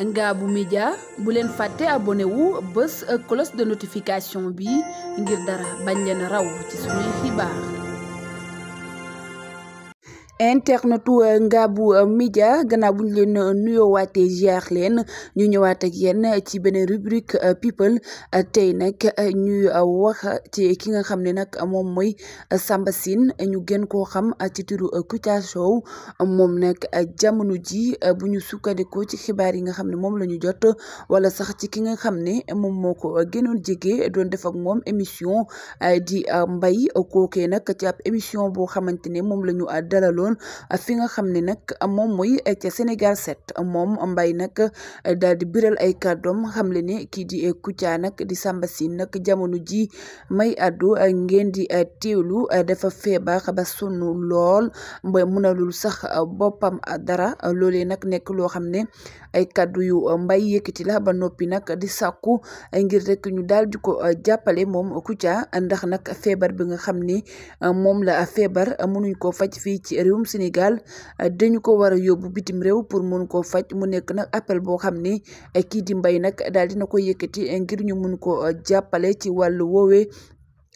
Ngabou Média bu leen fàtte abonné wu bés close de notification bi ngir dara bañ leen raw ci suñuy xibaar internetu bu Média gannaaw bu ñu leen euh, nuyoo waatee ziar leen ñu ñëwaat ak yéen ci beneen rubrique euh, people euh, tey nag ñuy wax ci ki nga xam ne nag moom mooy sambasin ñu gën koo xam ci turu Kouthia Show moom nag jamono ji bu ñu sukkandikoo ci xibaar yi nga xam ne moom la ñu jot wala sax ci ki nga xam ne moom moo ko gënoon jege doon def ak moom émission di mbay kookee nag ci ab émission boo xamante ne moom la ñu dalaloon. doon fi nga xam ne nag moom mooy ca Sénégal 7 moom mbay nag eh, daal di biral ay kàddoom xam le ne kii di eh, Kouthia nag di Samba Sine nag jamono ji may addu eh, ngeen di teewlu dafa feebar ba sunu lool ba munalul sax boppam dara loolee nag nekk loo xam ne ay kàddu yu mbay yëkkati la ba noppi nag di sàkku ngir rek ñu daal di ko jàppale moom Kouthia ndax nag feebar bi nga xam mom moom la feebar mënuñ ko faj fii ci réew réewum Sénégal euh, dañu ko war a yóbbu bitim réew pour mun koo faj mu nekk na appel boo xam ni euh, kii di mbay nag daal dina ko yëkkati euh, ngir ñu mun ko jàppale ci wàllu woowee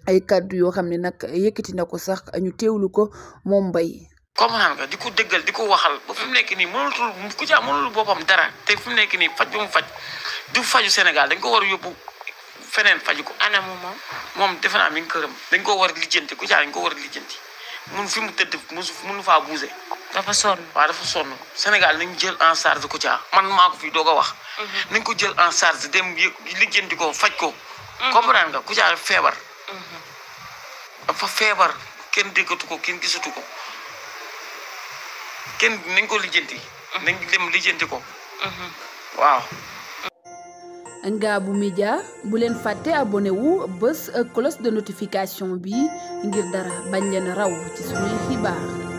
ay kàddu yoo xam ne nag yëkkati na ko sax ñu teewlu ko moom mbay comprendre nga di ko dëggal di ko waxal ba ku caa mënul boppam te nekk nii faj ba mu faj du faju Sénégal dañ ko war feneen faju ko anam moom moom defe mi ngi dañ ko war a lijjanti ku caa dañ ko war a lijjanti mun fi mu tëdd mënu faa bougé. dafa sonn waaw dafa sonn Sénégal nañ jël en charge Kouthia man maa ko fi doog a wax. Mhm. nañ ko jël en charge dem lijjanti ko faj ko. Mhm. comprendre nga Kouthia feebar. Mhm. dafa feebar kenn déggatu ko kenn gisatu ko kenn nañ ko lijjanti. nañ dem lijjanti ko. waaw. Ngabou Média bu leen fàtte abonné wu bés cloche de notification bi ngir dara bañ leen raw ci suñuy xibaar